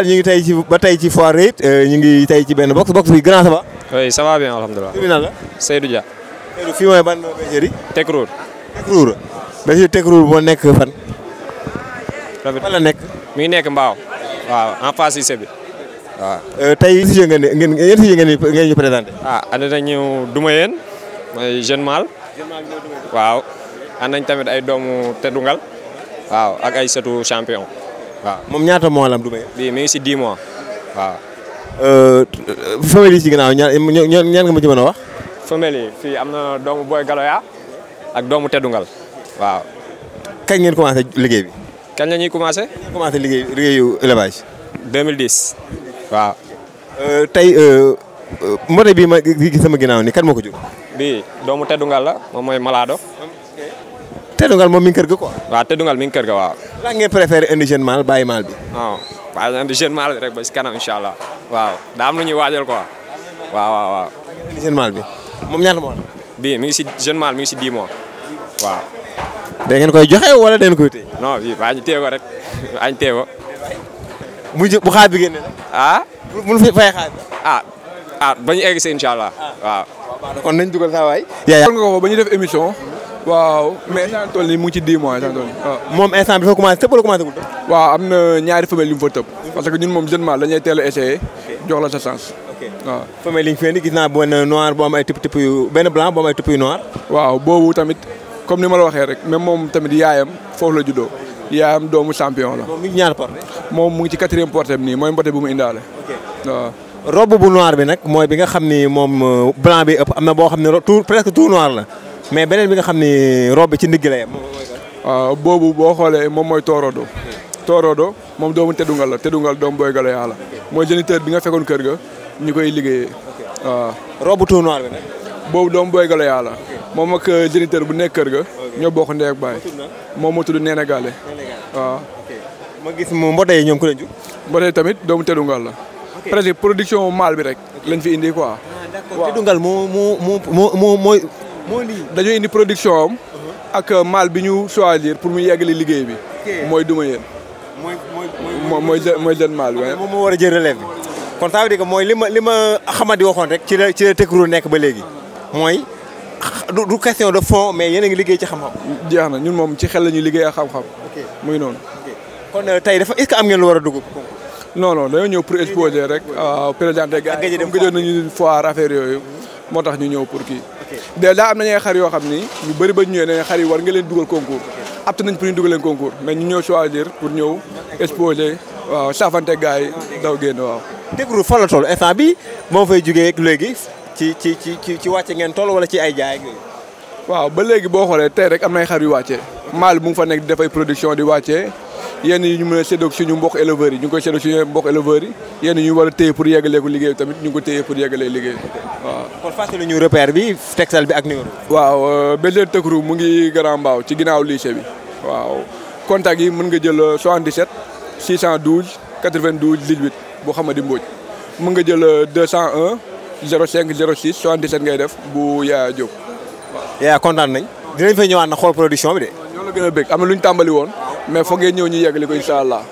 daal ñu ngi tey ci ba tey ci foire euh, ñu ngi tey ci benn box box bi grand ça va. oui ça va bien alhamdulilah. fi mu la Seydou Dia. Seydou Tekruur. Tekruur moo nekk fan. rafet fan nekk. mu ngi nekk Mbaaw. waaw en face lycée bi waaw. Euh, tey si yëngal ngeen ngeen si yëngal ngeen ñu présenté. ah ànd nañu Dumayeen mooy tamit ay doomu Tedungal. waaw ak ay sëtu waaw moom ñaata moo la am du may. bii mi ngi si 10 mois. waaw. Euh, famille yi ci ginnaaw ñaar nga ma ci mën a wax. famille fii am na doomu galo Galoya ak doomu Teddungal. waaw. kañ ngeen commencé liggéey bi. kañ la ñuy commencé. commencé liggéey liggéeyu élevage. 2010. waaw. Euh, tey euh, moto bi ma gis sama ginnaaw ni kan moo ko jur. bii doomu Teddungal la moom mooy malaado teddungal moom mi ngi ga quoi. wa teddungal mi ngi ga wa la ngeen préférer indigène mal baye mal bi. non bàyyi indigène mal rek ba ci kanam inshallah allah waaw daa am lu ñuy wajal quoi waaw waaw waaw. indigène mal bi mom ñaata mo bi mi ngi ci jeune mal mi ngi ci 10 mois waaw. da ngeen koy joxe wala den koy tey non bi ba ñu téye rek baa ñu téye ko. bu jë bu xaar ah? bi ah. mu fi fay xabi ah ah bañu egg ci inshallah allah waaw. kon nañ duggal sa way yaa nga ko bañu def émission. waaw mais instant toll nii mu ngi ci 10 mois instant toll moom instant bi dafa commencé tëb wala commencé gul tëb. waaw am na ñaari femelle yu mu fa tëb. moom jeune mâle dañuy a essayé. jox la ni ma la waxee rek même moom tamit yaayam foofu la juddoo. yaayam doomu champion moom ñaar porté. moom mu ngi ci quatrième porté bi nii mooy mbote bu mu indaale. ok bu noir bi nag mooy bi nga xam ni moom euh, blanc bi ëpp am na boo xam ne tout presque tout noir la mais beneen bi nga xam ni robe bi ci ndigg la yem. boobu boo xoolee moom mooy toorodo. toorodo moom doomu tedungal la tedungal doomu booy gale yaa la mooy bi nga fekkoon kër ga ñu koy liggéeyee. waaw robe tout noir bi booy gale yaa la moom ak euh, géniteur bu nekk kër ga. ñoo bokk ndey ak moo tudd Neene Gale. waaw. ma gis mu mboote yi ñoom ku leen jug. tamit doomu tedungal la. presque production maal bi rek. lañ fi indi quoi. waaw ah, tedungal moo moo moo moo lii dañoo indi production am. ak euh, maal bi ñu choisir pour mu yeggali liggéey bi. mooy duma yéen. mooy mooy mooy jë mooy jën maal bi. moom moo war a jël relève bi. kon ça veut dire que mooy li ma li ma xamadi waxoon rek. ci la ci la Tekro nekk ba léegi. mooy du question de fond mais yéen a ngi liggéey ci xam-xam. jeex na ñun moom ci xel la ñuy liggéey ak xam-xam. muy noonu. kon euh, tey dafa est-ce am ngeen lu war a dugg. non non dañoo ñëw pour exposer rek. Euh, présenté gars yi gëjoon nañu foire affaire yooyu. moo tax ñu ñëw pour kii. de daa am nañu xar yoo xam ni ñu bëri ba ñëwee ne xar yi war nga leen dugal concours apte nañ pour ñu dugal leen concours mais ñu ñëw choisir pour ñëw exposer waaw saafante gars yi daw génn waaw Tekru fan la toll instant bi moo fay jógee léegi ci ci ci ci wàcce ngeen tool wala ci ay jaay waaw ba léegi boo xoolee tey rek am nay xar yu wàccee mal mu ngi fa nekk defay production di wàccee yenn yi ñu mën a séddoog suñu mbokk éleveur yi ñu ngi koy séddoog suñu mbokk éleveur yi yenn ñu war a téye pour yeggaleeku liggéey tamit ñu ngi ko téye pour yeggalee liggéey waaw kon fàttali ñu repère bi textile bi ak numéro waaw euh, bergerie Tëkru mu ngi Grand Mbao ci ginnaaw lycée bi waaw contact yi mën nga jël 77 612 92 18 bu Xamadi Mbodj mën nga jël 201 05 06 77 ngay def bu Yaaya Diop yaa kontaan nañ dinañ fa ñëwaat na xool production bi de. ñoo la gën lu ñu tàmbali woon mais foog ngeen ñëw ñu yeggali ko incha allah